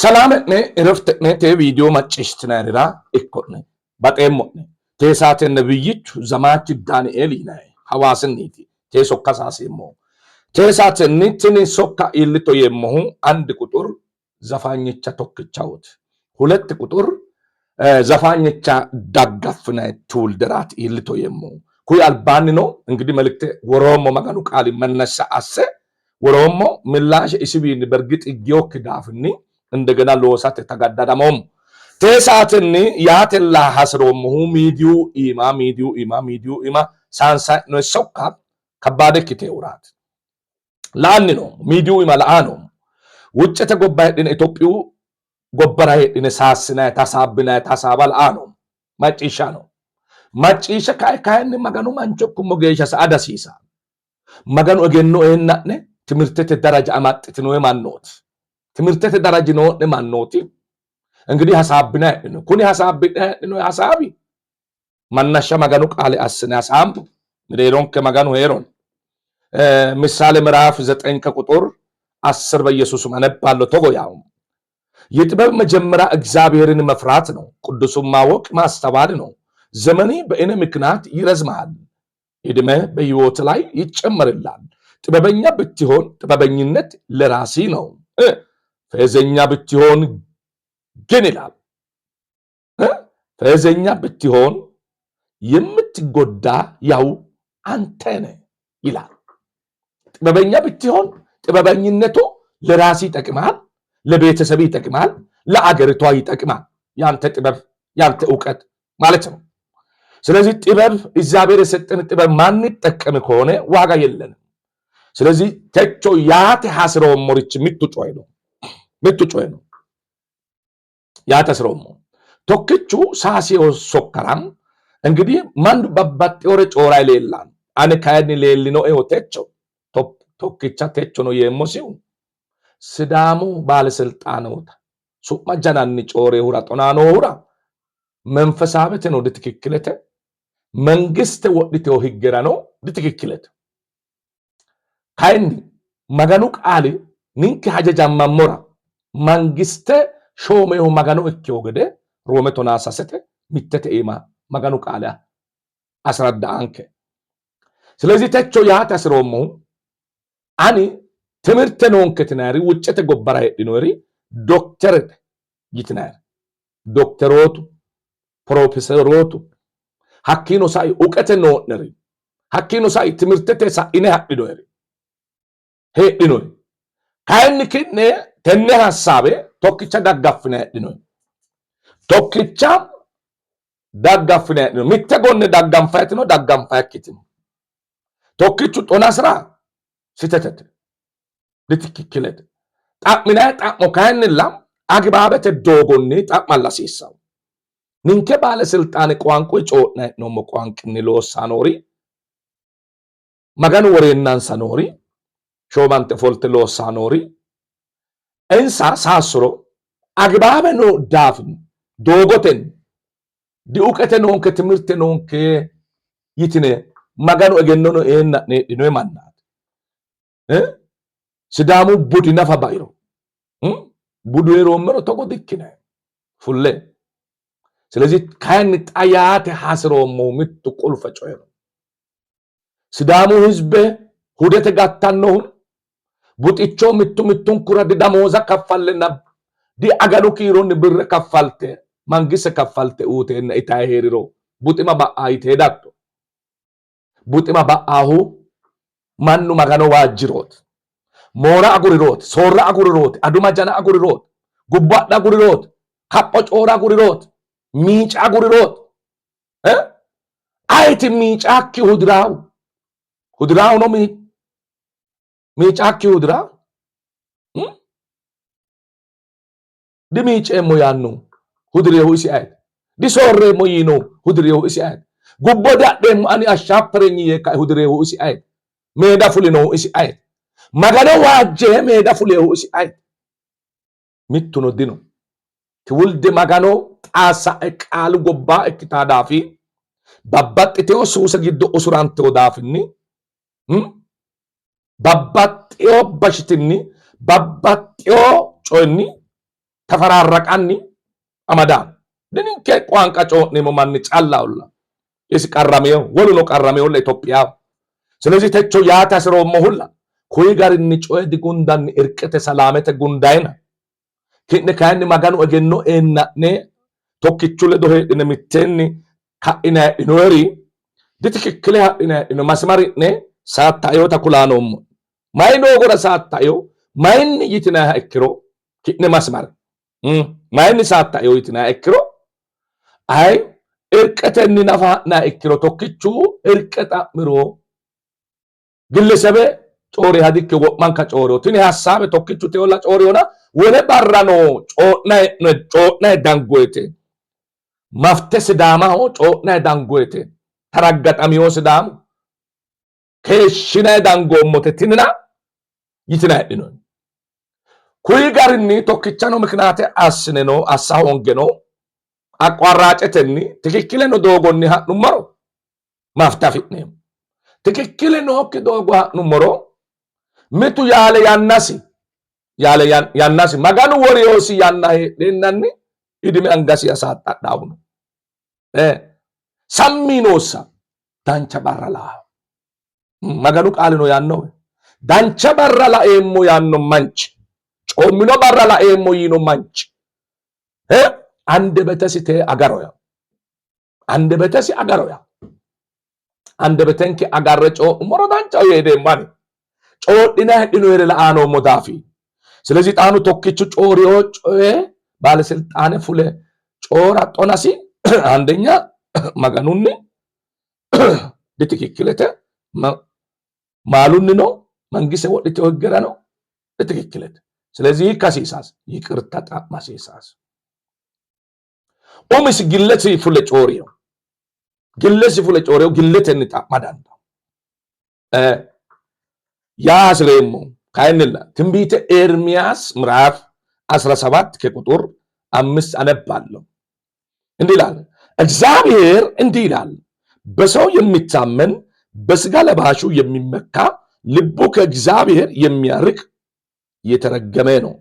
ሰላምዕኔ እረፍትዕኔ ቴ ቪዲዮ መጭሽትናይርራ እኮነ በጤሞዕኔ ቴሳቴነ ብይቹ ዘማች ዳንኤል ይናይ ሐዋስኒቲ ቴ ሶካሳሴሞ ቴሳቴኒ ትን ሶካ ኢልቶ የመሁ አንድ ቁጥር ዘፋኝቻ ቶክቻውት ሁለት ቁጥር ዘፋኝቻ ዳጋፍናይ ትውል ደራት ኢልቶ የመሁ ኩይ አልባን ነው እንግዲህ መልክቴ ወሮሞ መቀኑ ቃል መነሳ አሴ ወሮሞ ምላሽ እስቢን በርግጥ ጊዮክ ዳፍኒ እንደገና ለወሳት ተጋዳዳመም ቴሳትን ያቴላ ሀስሮምሁ ሚዲዩ ኢማ ሚዲዩ ኢማ ሚዲዩ ኢማ ሳንሳ ነሰካ ከባደ ኪቴውራት ውራት ነው ሚዲዩ ኢማ ለአ ነው ውጭተ ጎባ ሄድነ ኢትዮጵዩ ጎበራ ሄድነ ሳስና ታሳብና ታሳባ ለአ ነው ማጭሻ ነው ማጭሻ ካይ ካይን መገኑ ማንቸኩ ሞጌሻ ሰአዳሲሳ መገኑ እገኑ እህናነ ትምህርትት ደረጃ አማጥት ነው ማኖት ትምህርት ተደራጅ ነው ለማንኖት እንግዲህ ሐሳብ ነው ኩኒ ሐሳብ ነው ሐሳቢ ማናሻ ማጋኑ ቃል አስነ ሐሳብ ምድሮን ከማጋኑ ሄሮን ምሳሌ ምዕራፍ ዘጠኝ ከቁጥር አስር በኢየሱስ ማነባለው ተጎያው የጥበብ መጀመሪያ እግዚአብሔርን መፍራት ነው። ቅዱሱን ማወቅ ማስተባል ነው። ዘመኔ በእኔ ምክንያት ይረዝማል፣ እድሜ በሕይወት ላይ ይጨመርላል። ጥበበኛ ብትሆን ጥበበኝነት ለራሲ ነው። ፈዘኛ ብትሆን ግን ይላል ፈዘኛ ብትሆን የምትጎዳ ያው አንተ ነህ ይላል። ጥበበኛ ብትሆን ጥበበኝነቱ ለራስ ይጠቅማል፣ ለቤተሰብ ይጠቅማል፣ ለአገሪቷ ይጠቅማል። ያንተ ጥበብ ያንተ እውቀት ማለት ነው። ስለዚህ ጥበብ እግዚአብሔር የሰጠን ጥበብ ማንጠቀም ከሆነ ዋጋ የለንም። ስለዚህ ተቾ ያቴ ሀስረው ሞሪች የሚትጮ ነው metto yaatasiroommo tokkichu saasi sokkaraam እንግዲህ mannu babbaxxeore coorayi leellanno ane kayinni leellinoeho techo tokkicha techono yeemmosihu sidaamu baalesilxaanoota su'ma jananni coorehura xonaa noohura መንፈሳዊትኖ ድትክክለተ መንግስት ወድቴው ህግራ ነው ድትክክለተ ካይን መገኑ ቃል ንንክ ሀጀጃማሞራ mangiste shoomeho magano ikkeho gede roome tonaa sasete mittete iima maganu qaala asradda"anke ስለዚህ techo yaate hasiroommohu ani timirte noonketinaari wuccete gobbara heedhinoyiri dokterete yitinaari dokterootu profeserootu hakkiino sa'i uqete noo'neri hakkiino sa'i timirtete sa'ine hadhinoyeri heedhinoyeri kayinni ki'ne tenne tokkicha daggaffinay heedhinoonni tokkicha daggaffinay heedhino mitte gonne dagganfaytino dagganfayikkitino tokkichu xonasira sitetete litikikkilete xa'minayi xa'mo kayinnilla agibaabete doogonni xa'malla hasiissawo ninke baale baalesilxaane qowanqoyi coo'na he'noommo qowanqinni loossa noori maganu woreennansa noori shoomante ofolte loossa noori Insa agbaaba noo daafin doogoten di'uqete noonke timirte noonke yitine maganu egennono eenna needhinoy mannaati sidaamu budi nafa bairo budu heeroommero togo dikkinayi fulle ስለዚህ ካይን ጣያት ሀስሮሞ ምት ቁልፈ ጮይ ነው ሲዳሙ ህዝብ ሁደት ጋታነሁን ጉጥቾ ምቱ ምቱን ኩረድ ደሞዛ ከፋልና ዲአገሉ ኪሮን ብር ከፋልቴ መንግስት ከፋልቴ ኡቴና ኢታ ሄሪሮ ቡጢማ በአ ይቴዳቶ ቡጢማ በአሁ ማኑ መገኖ ዋጅሮት ሞራ አጉሪሮት ሶራ አጉሪሮት አዱማ ጀና አጉሪሮት ጉባዳ አጉሪሮት ካቆ ጮራ አጉሪሮት ሚጫ አጉሪሮት አይቲ ሚጫ ኪ ሁድራው ሁድራው ነው Mee akkiyuudraa dimiiceemmo yaanno hudireehu isi ayet disoorreemmo yiino hudireehu isi ayet gubbo dadheemmo ani ashshaapparenyi yee kae hudireehu isi ayet meeda fulinohu isi ayet magano waajjee meeda fuleehu isi ayet mittuno dino tiwulde magano xaasa'e qaalu gobbaa ikkitaa daafi babbaxxiteho suuse giddo usuranteho daafinni babbaxxeewo bashitinni babbaxxeewo coyinni ተፈራረቃኒ አመዳን ድንኬ ቋንቋ ጮኔሞ ማን ጫላውላ ስ ቀረሜው ወሉኖ ቀረሜውላ ኢትዮጵያው ስለዚህ ተቾ ያተ ስሮሞ ሁላ ኩይ ጋር እንጮይ ድጉንዳን እርቅተ ሰላመተ ጉንዳይና ኪነ ካን ማጋኑ እገኖ ኤናኔ ቶክቹ ለዶ ሄድነ ምቴኒ ካኢና ኢኖሪ ድትክክለ ኢኖ ማስማሪ ነ ሳታዮታ ኩላኖሞ mayi doogora saattaeo mayinni yitinayiha ikkiro ki'ne masmar mayinni saattaeo yitinayiha ikkiro ayi irqetenni nafa ha'nayiha ikkiro tokkichu irqe xa'miro ግለሰቤ ጮሪ ሀዲክ ወማንካ ጮሪዮ ትኒ ሀሳቤ tokkichu teolla ጮሪዮና wole barrano co'nayi dangoyete mafte sidaamaho co'nayi dangoyete taraggaxamiyo sidaamu keeshshinayi dangoommote tinina ይትናይድኖ ኩይ ጋርኒ tokkichano ምክንያቴ አስነኖ አሳ ሆንገኖ ትክክለኖ ዶጎኒ ሀኑመሮ ማፍታፊኔም ትክክለኖ ሆክ ዶጎ ሀኑመሮ ምቱ ያለ ያናሲ ያለ ያናሲ መጋኑ ወሪዮሲ ያና ሄደናኒ እድሜ አንጋሲ ያሳጣ ዳውኑ ሰሚኖሳ ዳንቸ መጋኑ ቃል ነው dancha barra laeemmo yaanno manchi coommino barra laeemmo yiino manchi andebetesi tee agaro ya andebetesi agaro ya andebetenke agarre coo'mummoro danchaho yee hedeemmo ani coodhina hedhinoyere la"aa noommo daafii ስለዚህ ጣኑ ቶኪቹ ጮሪዮ ጮዬ ባለስልጣነ ፉለ ጮራ ጦናሲ አንደኛ መገኑኒ ዲትክክልተ ማሉኒ ነው መንግስት ወጥ ህገረ ነው ትክክለት ስለዚህ ካሲሳስ ይቅርታ ጣማ ሲሳስ ኦሚስ ግለት ፉለ ጮሪዮ ግለት ፉለ ጮሪዮ ግለት እንጣ ማዳንታ እ ያስሬሙ ካይንላ ትንቢተ ኤርሚያስ ምዕራፍ 17 ከቁጥር አምስት አነባለሁ። እንዲህ ይላል፣ እግዚአብሔር እንዲህ ይላል፣ በሰው የሚታመን በስጋ ለባሹ የሚመካ ልቡ ከእግዚአብሔር የሚያርቅ የተረገመ ነው።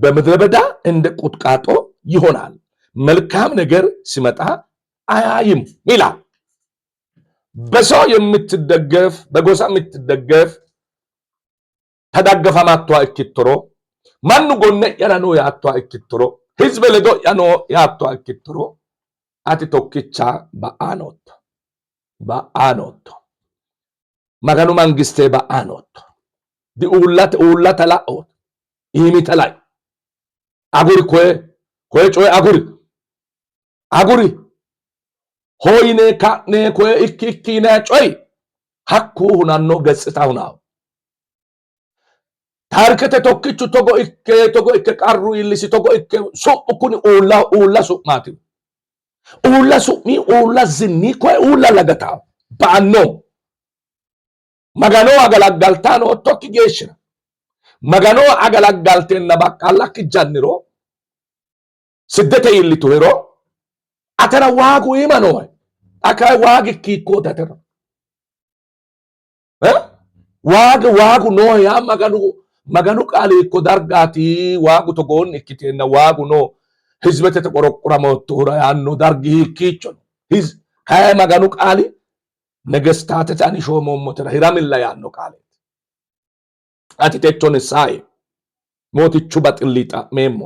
በምድረ በዳ እንደ ቁጥቋጦ ይሆናል፣ መልካም ነገር ሲመጣ አያይም ይላል። በሰው የምትደገፍ በጎሳ የምትደገፍ ተዳገፋ ማቷ እክትሮ ማኑ ጎነ ያናኖ ያቷ እክትሮ ህዝብ ለዶ ያኖ ያቷ እክትሮ አቲ ቶኪቻ በአኖቶ በአኖቶ maganu በአኖት ዲኡላት ኡላት ተላኦት ይህሚ ተላይ አጉሪ ኮዬ ኮዬ ጮዬ አጉሪ አጉሪ ሆይኔ ካኔ ኮዬ እኪ እኪና ጮይ ሀኩ ሁናኖ ገጽታ ሁናው ታርከተ ቶክቹ ቶጎ እኬ ቶጎ እኬ ቃሩ ይልሲ ቶጎ እኬ ሱቁ ኩኒ ኡላ ኡላ ሱቅማቲ ኡላ ሱቅሚ ኡላ ዝኒ ኮዬ ኡላ ለገታ በአኖ magano agalaggaltaanoo tokki geeshira maganoo agalaggalteenna baqqallakki janniro siddete illitu hero waagu imanoe akaa waagi kiikkotatera eh? waagi waagu noohe yaa maganu maganu qaaliikko dargaati waagu togoon ikkiteenna waagu noo hizbetete qoroqqoramottoora yaanno dargi hiikkiichono kaye maganu qaali ነገስታት ነገስታትት አንሾመሞትራ ሂራሚላያኖ ቃሌት አቲ ቴቾ ንሳኤ ሞትቹ በጥሊጣ ሜሞ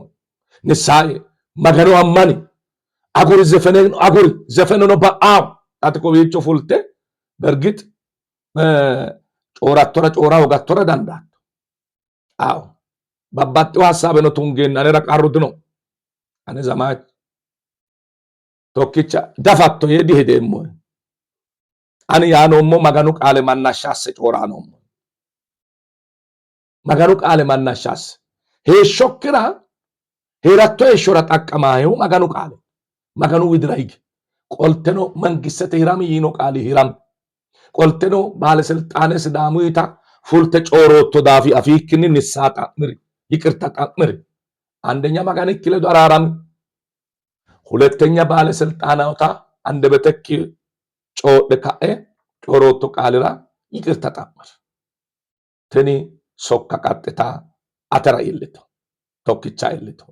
ንሳኤ መገኖ አማኒ አጉር ዘፈነ አጉሪ አጉሪ ዘፈነኖ በአም አቲ ኮቢቾ ፉልቴ በእርግጥ ጮራቶረ ጮራ ወጋቶረ ዳንዳ አው ባባጤው ሀሳብ ነው ቱንጌን አኔ ረቃሩት ነው አነ ዘማት ቶኪቻ ደፋቶ የዲ ሄደሞ Ani yaanoommoo maganu qaale mannashaasse cooraanommo maganu qaale mannashaasse heeshshokkira heeratto heeshshora xaqqamaayehu maganu qaale maganu widira hige qolteno mangissete hirami yiino qaali hirami qolteno baalesilxaane sidaamuyita fulte coorootto daafi afiikkinni nissaa xa'miri ይቅርታ ጣምር አንደኛ ማጋነክ ለዶ አራራም ሁለተኛ ባለስልጣናውታ አንደበተክ coodhe ka'e coorotto qaalira yiqirta xa'mara tini sokka qaxxitaa atara iillito tokkicha iillito